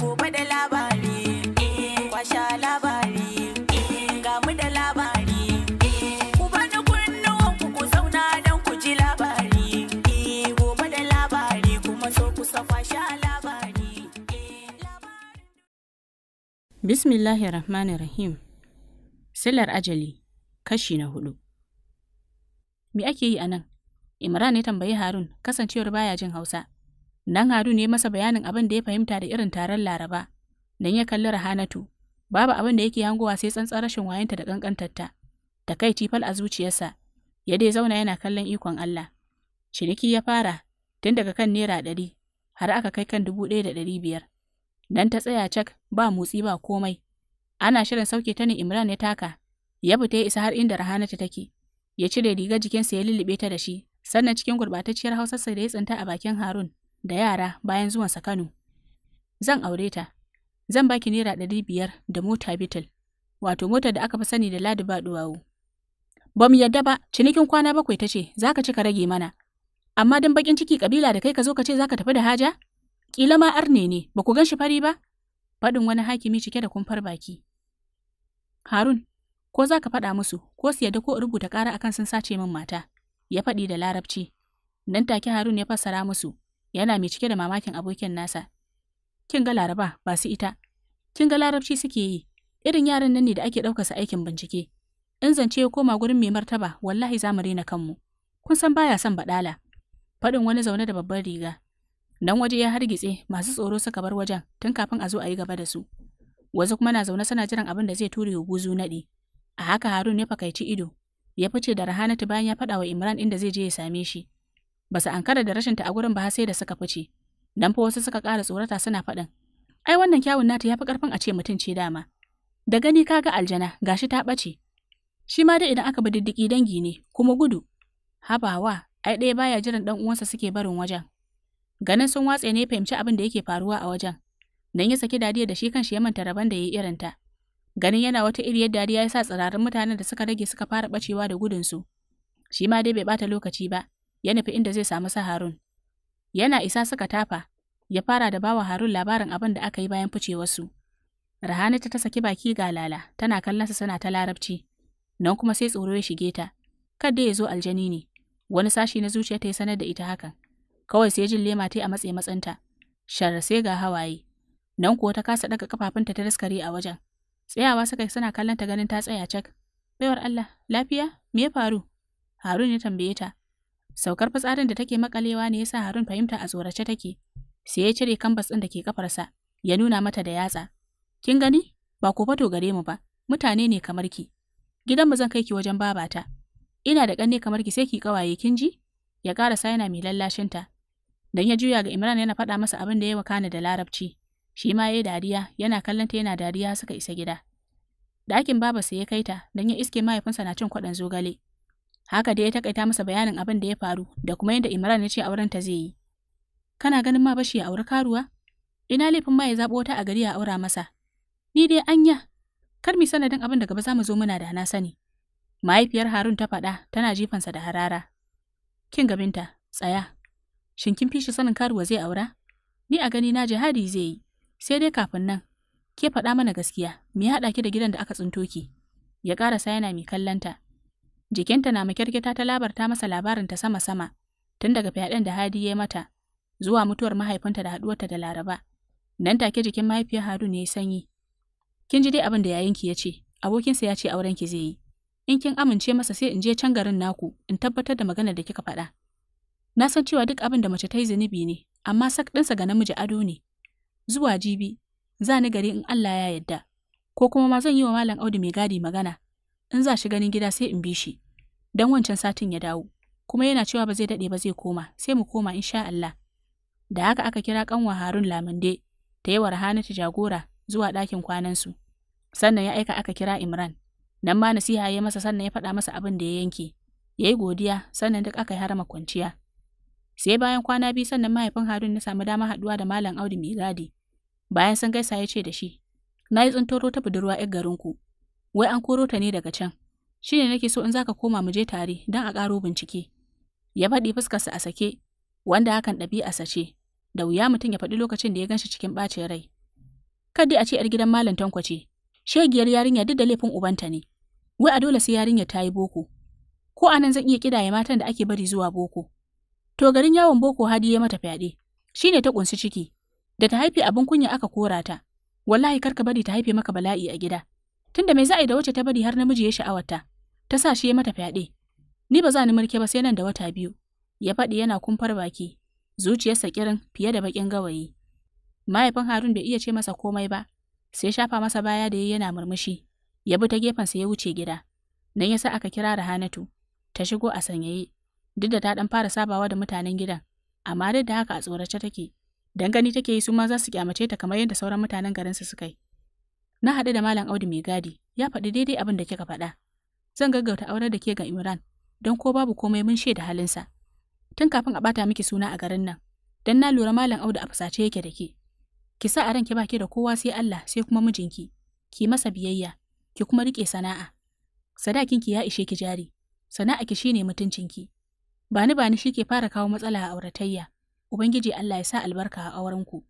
gobe da labari eh, kwasha labari eh, ga mu da labari eh, ku bani kunnuwan ku ku zauna don ku ji labari gobe da labari kuma so ku sa kwasha labari rahmanir rahim silar ajali kashi na hudu me ake yi a nan imran ya tambayi harun kasancewar baya jin hausa Nan Hadu ne masa bayanin abin da ya fahimta da irin taron Laraba. Nan ya kalli Rahanatu, babu abin da yake hangowa sai tsantsar rashin wayanta da kankantarta. Takaici fal a zuciyarsa, ya dai zauna yana kallon ikon Allah. Ciniki ya fara tun daga kan naira ɗari har aka kai kan dubu ɗaya da ɗari biyar. Nan ta tsaya cak ba motsi ba komai. Ana shirin sauke ta ne Imran ya taka, ya fita ya isa har inda Rahanatu take. Ya cire rigar jikinsa ya lullube ta da shi, sannan cikin gurɓatacciyar hausarsa da ya tsinta a bakin Harun da yara bayan zuwansa Kano. Zan aure ta. Zan baki naira ɗari biyar da mota Beetle, wato motar da aka fi sani da Ladi ba Ba mu yadda ba, cinikin kwana bakwai ta ce, za ka ci ka rage mana. Amma don bakin ciki kabila da kai ka zo ka ce za ka tafi da haja? Kila ma arne ne, ba ku gan shi fari ba? Faɗin wani hakimi cike da kumfar baki. Harun, ko za ka faɗa musu, ko su yarda ko rubuta ƙara akan sun sace min mata, ya faɗi da larabci. Nan take Harun ya fassara musu, yana mai cike da mamakin abokin nasa. Kin ga Laraba ba su ita, kin ga larabci suke yi, irin yaran nan ne da ake ɗaukarsa aikin bincike. In zance ya koma gurin mai martaba wallahi za mu rena kanmu. Kun san baya son baɗala. Faɗin wani zaune da babban riga. Nan waje ya hargitse masu tsoro suka bar wajen tun kafin a zo a yi gaba da su. Wasu kuma na zaune suna jiran abin da zai ture guzu naɗi. A haka Harun ya fakaici ido, ya fice da Rahanatu bayan ya faɗa wa Imran inda zai je ya same shi. Ba su ankara da rashinta a gurin ba sai da suka fice. Dan fa wasu suka ƙara tsorata suna faɗin. Ai wannan kyawun nata ya fi ƙarfin a ce mutum ce dama. Da gani ka kaga aljana gashi ta bace. Shi ma dai idan aka bi diddiki dangi ne kuma gudu. Habawa ai ɗaya baya jiran ɗan uwansa suke barin wajen. Ganin sun watse ne fahimci abin da yake faruwa a wajen. Dan ya saki dadiya da shi kanshi ya manta rabon da ya yi irinta. ganin yana wata iri yadda dariya ya sa tsirarin mutanen da suka rage suka fara bacewa da gudunsu. Shi ma dai bai bata lokaci ba, ya nufi inda zai samu sa Harun. Yana isa suka tafa, ya fara da bawa Harun labarin abin da aka yi bayan fice ficewarsu. Rahani ta saki baki ga Lala, tana kallon sa sana ta larabci. Nan kuma sai tsoro ya shige ta. Kadda ya zo aljani ne, wani sashi na zuciya ta yi sanar da ita hakan. Kawai sai jin lema ta a matse matsinta. Shar sai ga hawaye. Nan kuwa ta kasa daga kafafunta ta daskare a wajen. Tsayawa suka suna kallon ta ganin ta tsaya cak. Baiwar Allah, lafiya? Me ya faru? Harun ya tambaye ta. Saukar fitsarin da take makalewa ne yasa Harun fahimta a tsorace take. Sai ya cire kambas ɗin da ke kafarsa, ya nuna mata da yatsa. Kin gani? Ba ko fato gare mu ba. Mutane ne kamar ki. Gidan mu zan kai ki wajen babata. Ina da ƙanne kamar ki sai ki kawaye kin ji? Ya sa yana mai ta Dan ya juya ga Imran yana faɗa masa abin da ya wakana da Larabci. Shi ma yayi dariya, yana kallon ta yana dariya suka isa gida. Dakin Ɗakin sai ya kaita dan ya iske mahaifinsa na cin kwaɗon zogale. Haka dai ya takaita masa bayanin abin da ya faru da kuma yadda Imran ya ce auren ta zai yi. Kana ganin ma bashi ya auri karuwa? Ina laifin ma ya zaɓo wata a gari ya aura masa. Ni dai anya, kar mi sanadin abin da gaba za mu zo muna da na sani. Mahaifiyar Harun ta faɗa tana jifansa da harara. Kin gabinta, tsaya. Shin kin fishi sanin karuwa zai aura? Ni a gani na jihadi zai yi, sai dai kafin nan ke faɗa mana gaskiya me ya haɗa ki da gidan da aka tsinto ki ya ƙarasa yana mai kallanta Jikinta na makirkita ta labarta masa labarin ta sama-sama, tun daga fyaɗen da Hadi ya mata, zuwa mutuwar mahaifinta da haɗuwarta da Laraba. Nan take jikin mahaifiyar Harun ya sanyi. Kin ji dai abin da yayinki ya ce, abokinsa ya ce aurenki zai yi. In kin amince masa sai in je can garin naku in tabbatar da maganar da kika faɗa. Na san cewa duk abin da mace ta yi zunubi ne, amma sak ɗinsa ga namiji ado ne. Zuwa jibi, za ni gari in Allah ya yadda. ko kuma ma zan yi wa Malam Audu mai gadi magana, in za shi ganin gida sai in bi shi dan wancan satin ya dawo kuma yana cewa ba zai daɗe ba zai koma sai mu koma insha Allah da haka aka kira kanwa Harun Lamande, ta yi wa ta jagora zuwa ɗakin kwanansu sannan ya aika aka kira Imran nan ma nasiha ya masa sannan ya faɗa masa abin da ya yanke ya yi godiya sannan duk aka yi harama kwanciya sai bayan kwana biyu sannan mahaifin Harun na samu dama haɗuwa da Malam Audu mai bayan sun gaisa ya ce da shi na yi tsintoro ta budurwa 'yar garinku wai an koro ta ne daga can shi ne nake so in zaka koma mu je tare don a ƙaro bincike ya faɗi fuskarsa a sake wanda hakan ɗabi'arsa sace. da wuya mutum ya faɗi lokacin da ya ganshi cikin ɓacin rai kadai a ce 'yar gidan malam tanko ce shegiyar yarinya duk da laifin ubanta ne wai a dole sai yarinya ta yi boko ko anan zan iya kidaye matan da ake bari zuwa boko to garin yawon boko hadi ya mata fyaɗe ne ta kunsi ciki da ta haife abin kunya aka kora ta wallahi kar ka bari ta haife maka bala'i a gida Tunda mai za a yi da wacce ta bari har namiji ya sha'awata, ta sa shi ya mata fyaɗe. Ni ba za ni mulke ba sai nan da wata biyu, ya faɗi yana kumfar baki, zuciyarsa kirin fiye da bakin gawayi. Mahaifin Harun bai iya ce masa komai ba, sai shafa masa baya da ya yana murmushi, ya bi ta gefen gefensa ya wuce gida. Nan ya sa aka kira Rahanatu, ta shigo a sanyaye, duk da ta ɗan fara sabawa da mutanen gidan, amma duk da haka a tsorace take, dan gani take yi su ma za su kyamace ta kamar yadda sauran mutanen garinsu suka yi. Na haɗu da Malam Audu mai gadi, ya faɗi daidai abin da kika faɗa. Zan gaggauta aurar da ke ga Imran, don ko babu komai mun shaida halinsa. Tun kafin a ɓata miki suna a garin nan, don na lura Malam Audu a fusace yake da ke. Ki sa a ki baki da kowa sai Allah sai kuma mijinki, ki masa biyayya, ki kuma riƙe sana'a. Sadakinki ya ishe ki jari, sana'a ki shine mutuncinki. Bani bani shi ke fara kawo matsala a auratayya. Ubangiji Allah ya sa albarka a aurenku,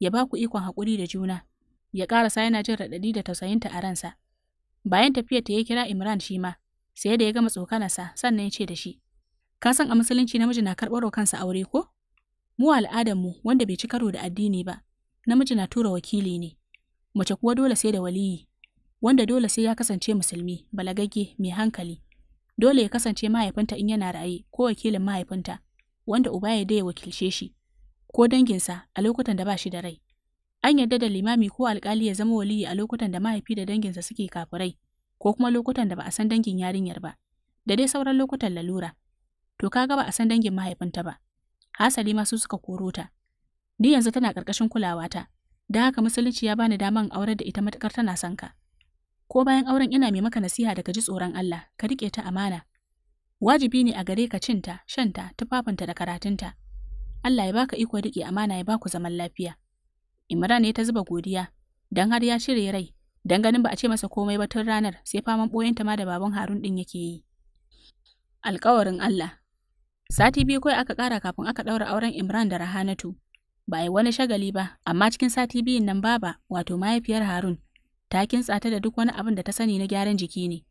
ya ba ku ikon haƙuri da juna, ya karasa yana jin raɗaɗi da tausayinta a ransa. Bayan tafiya ta ya kira Imran shi ma, sai da ya gama tsokanarsa sannan ya ce da shi, Ka san a musulunci namiji na karɓar kansa aure ko? Mu al'adarmu wanda bai ci karo da addini ba, namiji na tura wakili ne, mace kuwa dole sai da waliyi, wanda dole sai ya kasance musulmi, balagagge, mai hankali. Dole ya kasance mahaifinta in yana ra'ayi ko wakilin mahaifinta, wanda uba ya da ya wakilce shi, ko danginsa a lokutan da ba shi da rai. An yarda da limami ko alkali ya zama waliyi a lokutan da mahaifi da danginsa suke kafurai, ko kuma lokutan da ba a san dangin yarinyar ba, da dai sauran lokutan lalura. To ka ga ba a san dangin mahaifinta ba. Hasali ma su suka koro ta. Ni yanzu tana ƙarƙashin ta. da haka musulunci ya bani daman aure da ita matukar tana son ka. Ko bayan auren ina mai maka nasiha da ka ji tsoron Allah, ka rike ta amana, wajibi ne a gare ka cinta, shanta, tufafinta da karatunta. Allah ya baka iko riƙe amana ya baku zaman lafiya. Imran ne ta zuba godiya, dan har ya shirye rai, dan ganin ba a ce masa komai ba tun ranar sai faman boyenta ma da baban Harun ɗin yake yi. Alƙawarin Allah Sati biyu kawai aka ƙara kafin aka ɗaura auren Imran da Rahanatu. Ba a yi wani shagali ba, amma cikin sati biyun nan baba, wato mahaifiyar Harun, ta kintsa ta da duk wani abin da ta sani na gyaran jiki ne.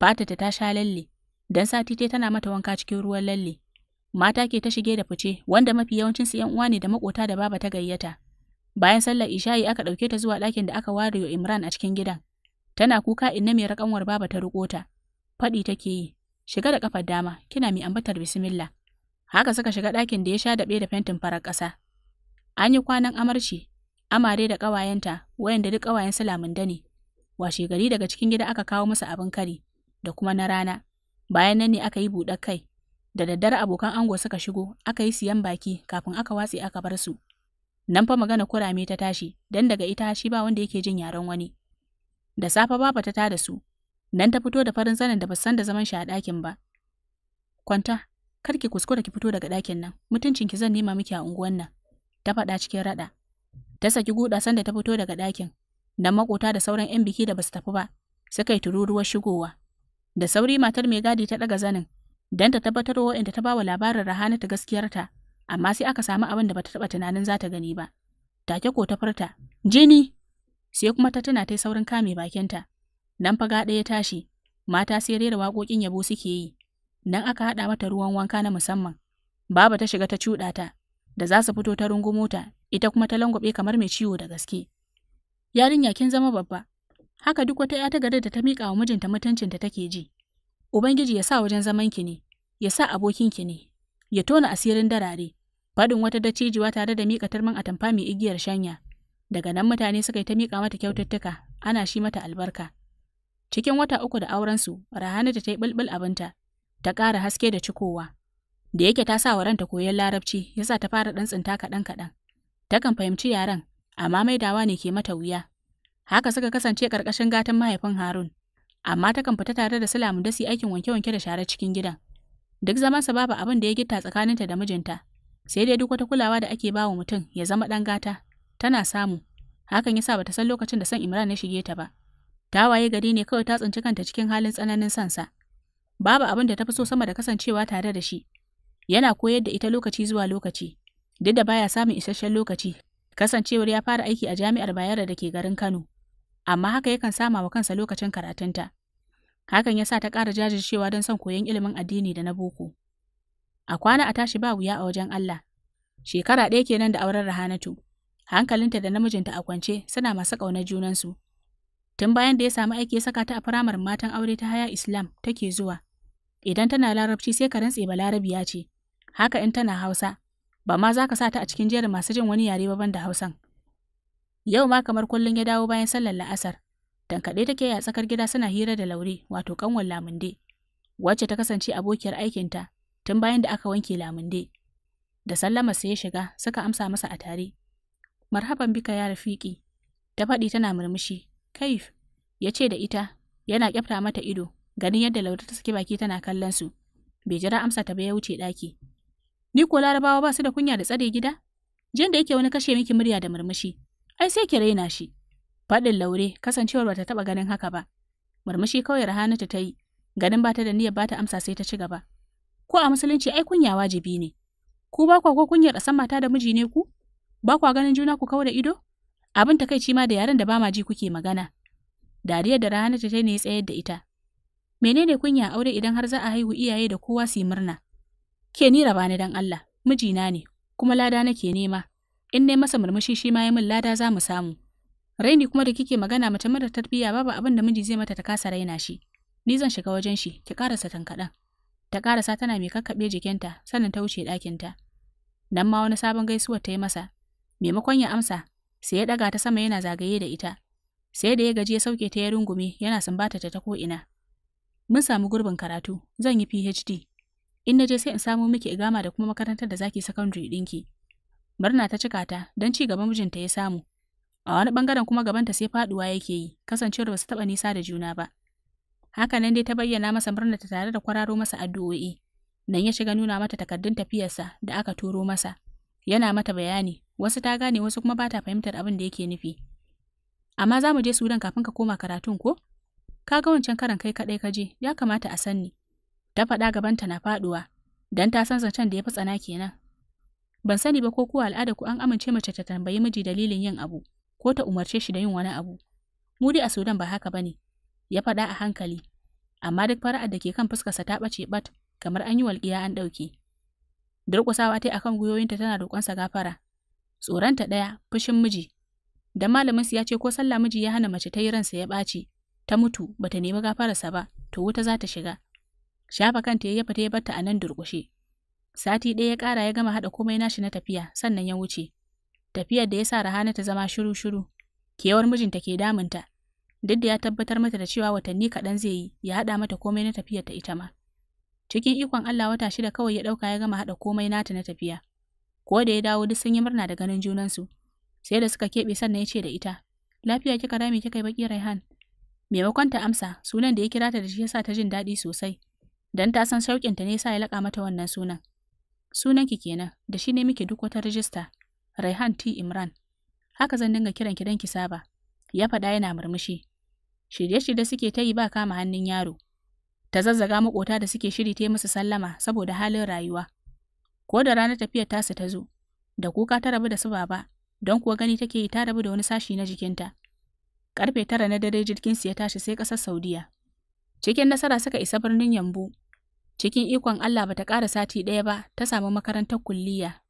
Fata ta sha lalle, dan sati tai tana mata wanka cikin ruwan lalle. Mata ke ta shige da fice, wanda mafi yawancin yan uwa ne da makota da baba ta gayyata. Bayan sallar isha'i aka ɗauke ta zuwa ɗakin da aka ware wa Imran a cikin gidan. Tana kuka inna mai rakanwar baba ta riƙo ta. Faɗi take yi, shiga da ƙafar dama, kina mai ambatar bismillah. Haka suka shiga ɗakin da ya sha daɓe da fentin farar ƙasa. An yi kwanan amarci, amare da ƙawayenta, wayanda duk ƙawayen su lamunda ne. Washe gari daga cikin gida aka kawo musu abin kari, da kuma na rana. Bayan nan ne aka yi buɗar kai, da daddare abokan ango suka shigo, aka yi siyan baki kafin aka watse aka bar su. Nan fa magana kurame ta tashi, dan daga ita shi ba wanda yake jin yaren wani. Da safe baba ta da su, nan ta fito da farin zanin da san da zaman shi a ɗakin ba. Kwanta, kar ki kuskura ki fito daga ɗakin nan, mutuncin ki zan nema miki a unguwan nan. Ta faɗa cikin raɗa. Ta saki guda sanda ta fito daga ɗakin, nan makota da sauran 'yan biki da basu tafi ba, suka yi tururuwar shigowa. Da sauri matar mai gadi ta ɗaga zanin, dan ta tabbatar wa ta ba wa labarin Rahanatu gaskiyarta amma sai aka samu abin da bata taɓa tunanin za ta gani ba. Take ko ta furta, jini! Sai kuma ta tuna ta saurin kame bakinta. Nan faga ɗaya tashi, mata sai rera waƙoƙin yabo suke yi. Nan aka haɗa mata ruwan wanka na musamman. Baba ta shiga ta cuɗa ta, da za su fito ta rungumo ta, ita kuma ta langwaɓe kamar mai ciwo da gaske. Yarinya kin zama babba, haka duk wata 'ya ta gari da ta miƙa wa mijinta mutuncinta take ji. Ubangiji ya sa wajen zamanki ne, ya sa abokinki ne, ya tona asirin darare, Faɗin wata dattijuwa tare da miƙa turmin atamfa mai igiyar shanya. Daga nan mutane suka yi ta miƙa mata kyaututtuka, ana shi mata albarka. Cikin wata uku da aurensu, Rahana ta yi bulbul abinta, ta ƙara haske da cikowa. Da yake ta sa wa ranta koyon larabci, ya sa ta fara ɗan tsinta kaɗan-kaɗan. Takan fahimci yaren, amma maidawa ne ke mata wuya. Haka suka kasance ƙarƙashin gatan mahaifin Harun, amma takan fita tare da Sulamu dasi aikin wanke-wanke da share cikin gidan. Duk zamansa babu abin da ya gitta tsakaninta da mijinta, sai dai duk wata kulawa da ake bawa mutum ya zama ɗan gata tana samu hakan ya yasa bata san lokacin da san Imran ya shige ta ba ta waye gari ne kawai ta tsinci kanta cikin halin tsananin sansa babu abin da ta fi so sama da kasancewa tare da shi yana koyar da ita lokaci zuwa lokaci duk da baya samun isasshen lokaci kasancewar ya fara aiki a jami'ar Bayero da ke garin Kano amma haka yakan sama wa kansa lokacin karatunta hakan ya sa ta ƙara jajircewa don son koyon ilimin addini da na boko A kwana a tashi ba wuya a wajen Allah. Shekara ɗaya kenan da auren Rahanatu. Hankalinta da namijinta a kwance suna masu ƙaunar junansu. Tun bayan da ya samu aiki ya saka ta a firamar matan aure ta haya Islam take zuwa. Idan tana larabci sai ka rantse balarabiya ce. Haka in tana Hausa, ba ma za ka sa ta a cikin jerin masu jin wani yare ba da Hausan. Yau ma kamar kullum ya dawo bayan sallar la'asar. Tankaɗe take a tsakar gida suna hira da laure wato ƙanwar lamunde, wacce ta kasance abokiyar aikinta tun bayan da aka wanke lamunde. Da sallama sai ya shiga suka amsa masa a tare. Marhaban bika ya rafiki, ta faɗi tana murmushi, kaif, ya ce da ita, yana kyafta mata ido, ganin yadda Laure ta saki baki tana kallon su. Bai jira amsa ta ba ya wuce ɗaki. Ni ko larabawa ba su da kunya da tsare gida? Jin da yake wani kashe miki murya da murmushi, ai sai ki raina shi. Faɗin Laure kasancewar ba ta taɓa ganin haka ba. Murmushi kawai Rahanatu ta yi, ganin bata da niyyar ba ta amsa sai ta ci gaba. Ko a musulunci ai kunya wajibi ne. Ku ba kwa ko kunyar a san mata da miji ne ku? Ba kwa ganin juna ku kawo da ido? Abin takaici ma da yaren da ba ma ji kuke magana. Dariya da rana ta ne tsayar da ita. Menene kunya aure idan har za a haihu iyaye da kowa su yi murna? Ke ni raba ni dan Allah, miji na ne, kuma lada nake nema. In ne masa murmushi shi ma ya min lada za mu samu. Raini kuma da kike magana mace mara tarbiyya babu abin da miji zai mata ta kasa raina shi. Ni zan shiga wajen shi, ki karasa tankaɗan. ta ƙarasa tana mai kakkaɓe jikinta sannan ta wuce ɗakinta. Nan ma wani sabon gaisuwa ta yi masa, maimakon ya amsa, sai ya ɗaga ta sama yana zagaye da ita. Sai da ya gaji ya sauke ta ya rungume yana sumbata ta ta ko'ina. Mun samu gurbin karatu, zan yi PhD. In na je sai in samu miki igama da kuma makarantar da zaki secondary ɗinki. Murna ta cika ta don ci gaban mijinta ya samu. A wani bangaren kuma gabanta sai faduwa yake yi, kasancewar ba su taɓa nisa da juna ba. Haka nan dai ta bayyana masa ta tare da kwararo masa addu'o'i. Nan ya shiga nuna mata takardun tafiyarsa da aka turo masa. Yana mata bayani, wasu ta gane wasu kuma bata fahimtar abin da yake nufi. Amma za mu je Sudan kafin ka koma karatun ko? Ka ga wancan karan kai kaɗai ka je, ya kamata a sanni. Ta faɗa gabanta na faɗuwa, dan ta san zancen da ya fi tsana kenan. Ban sani ba ko kuwa al'ada ku an amince mace ta tambayi miji dalilin yin abu, ko ta umarce shi da yin wani abu. Mu dai a Sudan ba haka bane. ya faɗa a hankali, amma duk fara'ar da ke kan fuskarsa ta ɓace bat kamar an yi walƙiya an ɗauke. Durƙusawa ta akan gwiwoyinta tana sa gafara. Tsoronta ɗaya, fushin miji. malamin malaminsu ya ce ko sallah miji ya hana mace ta yi ransa ya ɓaci, ta mutu bata nemi gafararsa ba, to wuta za ta shiga. Shafa kanta ya ta ya barta a nan durƙushe. Sati ɗaya ya ƙara ya gama haɗa komai nashi na tafiya, sannan ya wuce. Tafiyar da ya sa Rahana ta zama shiru-shiru. Kewar mijinta ke damunta, duk da ya tabbatar mata da cewa watanni kaɗan zai yi ya haɗa mata komai na tafiyar ta ita ma. Cikin ikon Allah wata shida kawai ya ɗauka ya gama haɗa komai nata na tafiya. Ko da ya dawo duk sun yi murna da ganin junansu. Sai da suka keɓe sannan ya ce da ita, lafiya kika rami kika yi baki Raihan. Maimakon ta amsa, sunan da ya kira ta da shi yasa ta jin daɗi sosai. Dan ta san sauƙin ta ne yasa ya laƙa mata wannan sunan. Sunan ki kenan, da shi ne muke duk wata rijista. Raihan T Imran. Haka zan dinga kiran ki dan ki saba. Ya faɗa yana murmushi. shirye-shirye suke ta yi ba kama hannun yaro. Ta zazzaga makota da suke shiri ta musu sallama saboda halin rayuwa. Ko da ranar tafiyar tasu ta zo, da kuka ta rabu da su baba, don kuwa gani take yi ta rabu da wani sashi na jikinta. Karfe tara na dare su ya tashi sai ƙasar Saudiya. Cikin nasara suka isa birnin Yambu. Cikin ikon Allah bata ƙara sati ɗaya ba ta samu makarantar kulliya.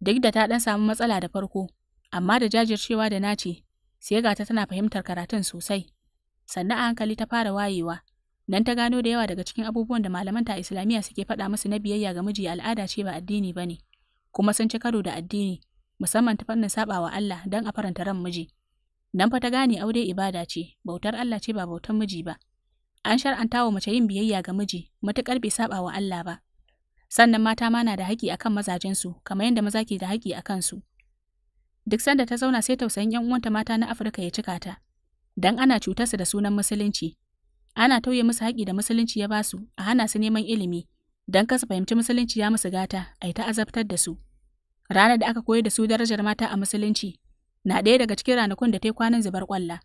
Duk da ta ɗan samu matsala da farko, amma da jajircewa da naci, sai ga ta tana fahimtar karatun sosai. sannan a hankali ta fara wayewa dan ta gano da yawa daga cikin abubuwan da malaman ta Islamiyya suke faɗa musu na biyayya ga miji al'ada ce ba addini ne, kuma sun ci karo da addini musamman ta fannin sabawa Allah dan a faranta ran miji dan fa ta gane aure ibada ce bautar Allah ce ba bautar miji ba an shar'anta wa mace yin biyayya ga miji matukar bai sabawa Allah ba sannan mata ma na da haƙƙi akan mazajensu kamar yadda maza ke da haƙƙi akan su duk sanda ta zauna sai tausayin 'yan uwanta mata na Afirka ya cika ta dan ana cutarsu da sunan musulunci. Ana tauye musu haƙi da musulunci ya basu a hana su neman ilimi, dan kasa fahimci musulunci ya musu gata a yi ta azabtar da su. Ranar da aka koyar da su darajar mata a musulunci na ɗaya daga cikin ranakun da ta yi kwanan zubar ƙwalla.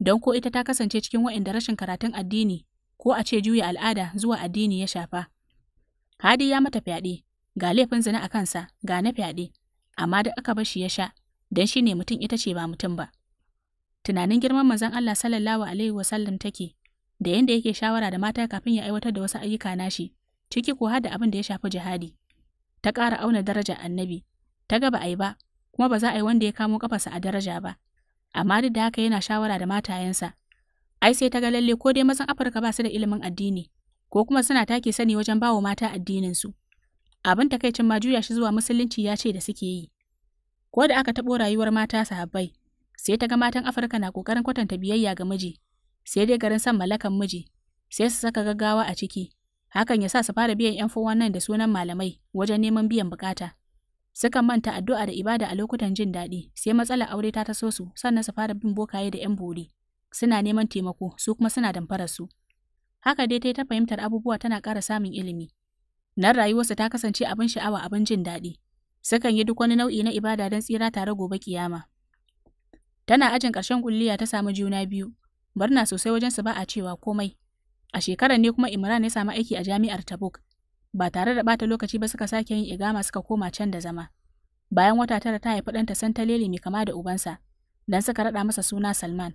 Don ko ita ta kasance cikin waɗanda rashin karatun addini ko a ce juya al'ada zuwa addini ya shafa. Hadi ya mata fyaɗe, ga laifin zina a kansa, ga na fyaɗe, amma da aka bar shi ya sha, don shi ne mutum ita ce ba mutum ba. tunanin girman manzon Allah sallallahu alaihi wasallam take da yanda yake shawara da mata kafin ya aiwatar da wasu ayyuka nashi ciki ko har da abin da ya shafi jihadi ta ƙara auna daraja annabi ta gaba ai ba kuma ba za a yi wanda ya kamo kafarsa a daraja ba amma duk da haka yana shawara da matayensa ai sai ta ga lalle ko dai mazan Afirka ba su da ilimin addini ko kuma suna take sani wajen bawa mata addinin su abin takaicin ma juya shi zuwa musulunci ya ce da suke yi ko da aka taɓo rayuwar mata sahabbai sai ta ga matan Afirka na ƙoƙarin kwatanta biyayya ga miji, sai dai garin san mallakan miji, sai su saka gaggawa a ciki, hakan ya sa su fara biyan 'yan fowan nan da sunan malamai wajen neman biyan bukata. Sukan manta addu'a da ibada a lokutan jin daɗi, sai matsalar aure ta taso su, sannan su fara bin bokaye da 'yan bori. Suna neman taimako, su kuma suna damfarar su. Haka dai ta ta fahimtar abubuwa tana ƙara samun ilimi. Nan rayuwarsa ta kasance abin sha'awa abin jin daɗi. Sukan yi duk wani nau'i na ibada don tsira tare gobe kiyama. Tana ajin ƙarshen kulliya ta samu juna biyu. Barna sosai wajen su ba a cewa komai. A shekarar ne kuma Imran ya samu aiki a jami'ar Tabuk. Ba tare da bata lokaci ba suka sake yin igama suka koma can da zama. Bayan wata tara ta haifi ɗanta Santalele mai kama da ubansa, dan suka raɗa masa suna Salman.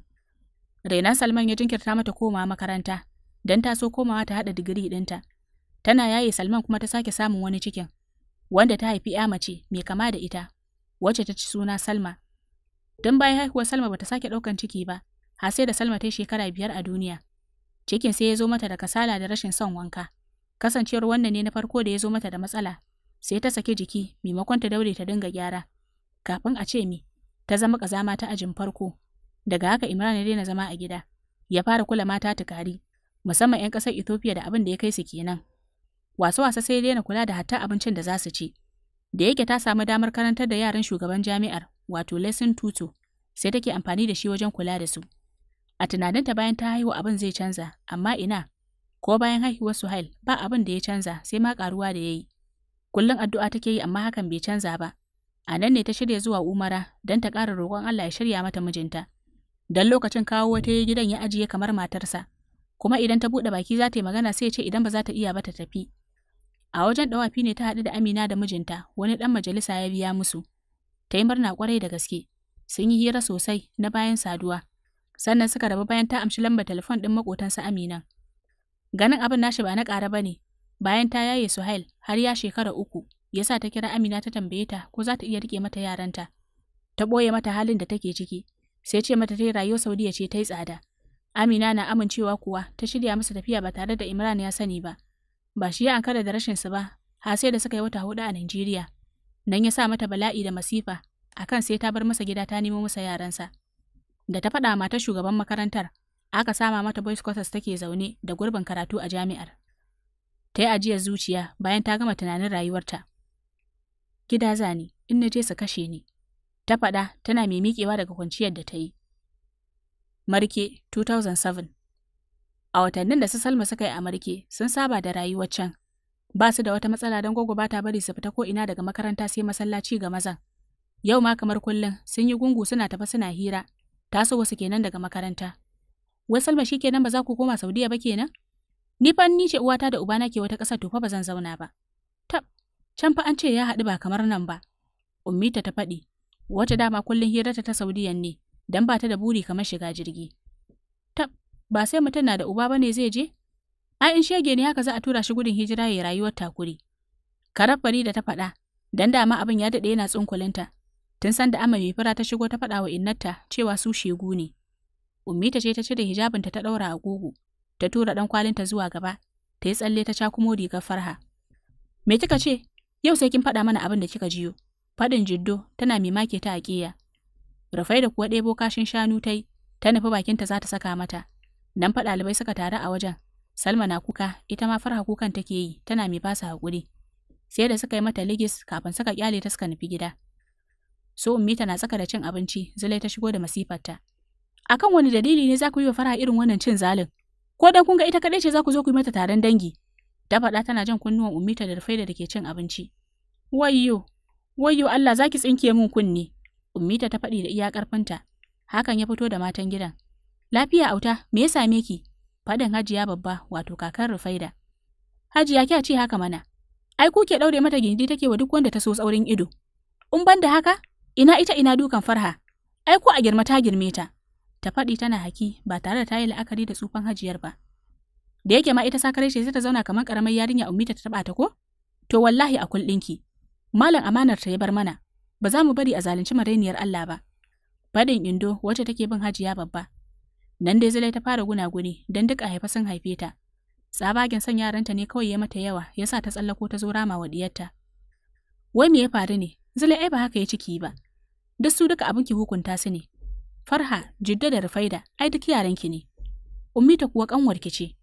Renan Salman ya jinkirta mata komawa makaranta, dan ta so komawa ta haɗa digiri ɗinta. Tana yaye Salman kuma ta sake samun wani cikin, wanda ta haifi ya mace mai kama da ita, wacce ta ci suna Salma. Don bayan haihuwar Salma bata sake ɗaukan ciki ba, har sai da Salma ta yi shekara biyar a duniya. Cikin sai ya zo mata da kasala da rashin son wanka. Kasancewar wannan ne na farko da ya zo mata da matsala, sai ta sake jiki maimakon ta daure ta dinga gyara. Kafin a ce mi, ta zama kazama ta ajin farko. Daga haka Imran ya daina zama a gida, ya fara kula mata tukari, musamman 'yan ƙasar Ethiopia da abin da ya kai su kenan. Wasu-wasa sai ya daina kula da hatta abincin da za su ci. Da yake ta samu damar karantar da yaran shugaban jami'ar, wato lesson tutu sai take amfani da shi wajen kula da su. A tunaninta bayan ta haihu abin zai canza, amma ina, ko bayan haihuwar Suhail ba abin da ya canza sai ma karuwa da ya yi. Kullum addu'a take yi amma hakan bai canza ba. A nan ne ta shirya zuwa Umara don ta ƙara roƙon Allah ya shirya mata mijinta. Don lokacin kawo wata ya gidan ya ajiye kamar matarsa, kuma idan ta buɗe baki za ta yi magana sai ce idan ba za ta iya ba ta tafi. A wajen ɗawafi ne ta haɗu da Amina da mijinta, wani ɗan majalisa ya biya musu. ta yi murna kwarai da gaske sun yi hira sosai na bayan saduwa sannan suka rabu bayan ta amshi lambar telefon ɗin makotansa Amina. Ganin abin nashi ba na ƙara ba ne, bayan ta yaye Suhail har ya shekara uku, ya sa ta kira Amina ta tambaye ta ko za ta iya riƙe mata yaranta. Ta ɓoye mata halin da take ciki, sai ce mata tai rayuwar Saudiya ce ta yi tsada. Amina na amincewa kuwa ta shirya masa tafiya ba tare da Imran ya sani ba. Ba shi ya ankara da rashinsu ba, har sai da suka yi wata huɗu a Najeriya. nan ya sa mata bala'i da masifa, a kan sai ta bar masa gida ta nemo masa yaransa. Da ta faɗa mata shugaban makarantar, aka sama mata boys quarters take zaune da gurbin karatu a jami'ar. Ta yi ajiyar zuciya bayan ta gama tunanin rayuwarta. Gida zani, in na je su kashe ni. Ta faɗa tana mai miƙewa daga kwanciyar da ta yi. Marke 2007 A watannin da su Salma suka yi a Marke sun saba da rayuwar can Ba su da wata matsala don gogo ba ta bari su fita ko ina daga makaranta sai masallaci ga mazan. Yau ma kamar kullum sun yi gungu suna tafa suna hira, taso wasu kenan daga makaranta. Wai Salma shi kenan ba za ku koma Saudiya ba kenan? Ni fa ni ce uwata da ubana ke wata ƙasa to fa ba zan zauna ba. Tab, can fa an ce ya haɗu ba kamar nan ba. Ummita ta faɗi, wata dama kullum hira ta ta Saudiyan ne, don ba ta da buri kamar shiga jirgi. Tab, ba sai mutum na da uba ba ne zai je? Ai in shege ne haka za a tura shi gudun hijira ya rayuwar takuri. Karar Farida ta faɗa, dan dama abin ya daɗe yana tsunkulinta. Tun san da Amma mai ta shigo ta faɗa wa innarta cewa su shegu ne. Ummi ta ce ta cire hijabinta ta ɗaura a gugu, ta tura ɗan kwalinta zuwa gaba, ta yi tsalle ta cakumo rigar farha. Me kika ce? Yau sai kin faɗa mana abin da kika jiyo. Faɗin jiddo tana mai make ta aƙiya. Rufai da kuwa ɗebo kashin shanu ta yi, ta nufi bakinta za ta saka mata. Nan fa ɗalibai suka tare a wajen, Salma na kuka, ita ma farha kukan take yi, tana mai fasa haƙuri. Sai da suka yi mata ligis kafin suka kyale ta suka nufi gida. So Ummi tana tsaka da cin abinci, Zulai ta shigo da masifarta. Akan wani dalili ne za ku yi wa farha irin wannan cin zalin? Ko dan kun ga ita kaɗai ce za ku zo ku yi mata taron dangi? Ta faɗa tana jan kunnuwan Ummi ta da rufai da ke cin abinci. Wayyo, wayyo Allah za ki tsinke mun kunni. Ummi ta faɗi da iya ƙarfinta. Hakan ya fito da matan gidan. Lafiya auta, me ya same ki? Faɗin Hajiya babba wato kakar Rufaida. Hajiya kya ce haka mana. Ai kuke ke daure mata gindi take wa duk wanda ta so tsaurin ido. In ban haka, ina ita ina dukan farha. Ai ku a girma ta girme ta. Ta faɗi tana haki ba tare da ta yi la'akari da tsufan Hajiyar ba. Da yake ma ita sakare ce sai ta zauna kamar karamar yarinya ummi ta taɓa ta ko? To wallahi a kulɗinki. Malam amanar ta ya bar mana. Ba za mu bari a zalunci marainiyar Allah ba. Faɗin Indo wacce take bin Hajiya babba. Nan dai Zulai ta fara gunaguni don duk a haifa sun haife ta. Tsabagen son yaranta ne kawai ya mata yawa ya sa ta tsallako ta zo rama wa diyarta. Wai me ya faru ne? Zulai ai ba haka ya ciki ba. Duk su duka abin ki hukunta su ne. Farha, Jidda da Rufaida, ai duk yaranki ne. Ummita kuwa ki ce.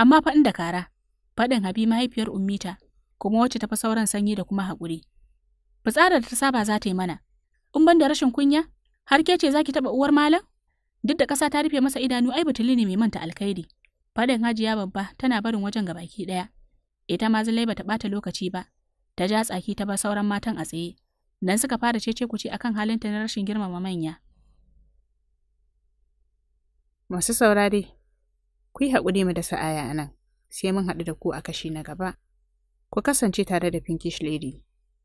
Amma fa da kara, faɗin Habi mahaifiyar Ummita, kuma wacce tafi sauran sanyi da kuma haƙuri. Fitsarar ta saba za ta yi mana. In ban da rashin kunya, har ke ce za ki taɓa uwar malam? Duk da ƙasa ta rufe masa idanu ai batuli ne mai manta alkhairi. Faɗin hajiya babba tana barin wajen ga baki ɗaya. Ita ma zulai bata ɓata lokaci ba. Ta ja tsaki ta bar sauran matan a tsaye. Nan suka fara cece kuce akan halinta na rashin girmama manya. Masu saurare, ku yi haƙuri mu da sa'aya a nan, sai mun haɗu da ku a kashi na gaba. Ku kasance tare da Pinkish Lady.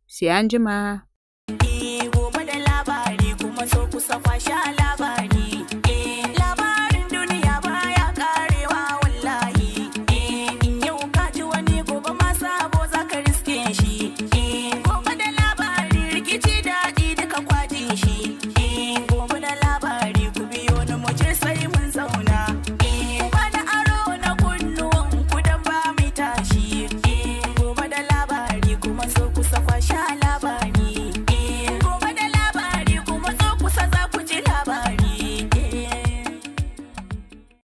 Sai an jima. Gobe da labari kuma so kusa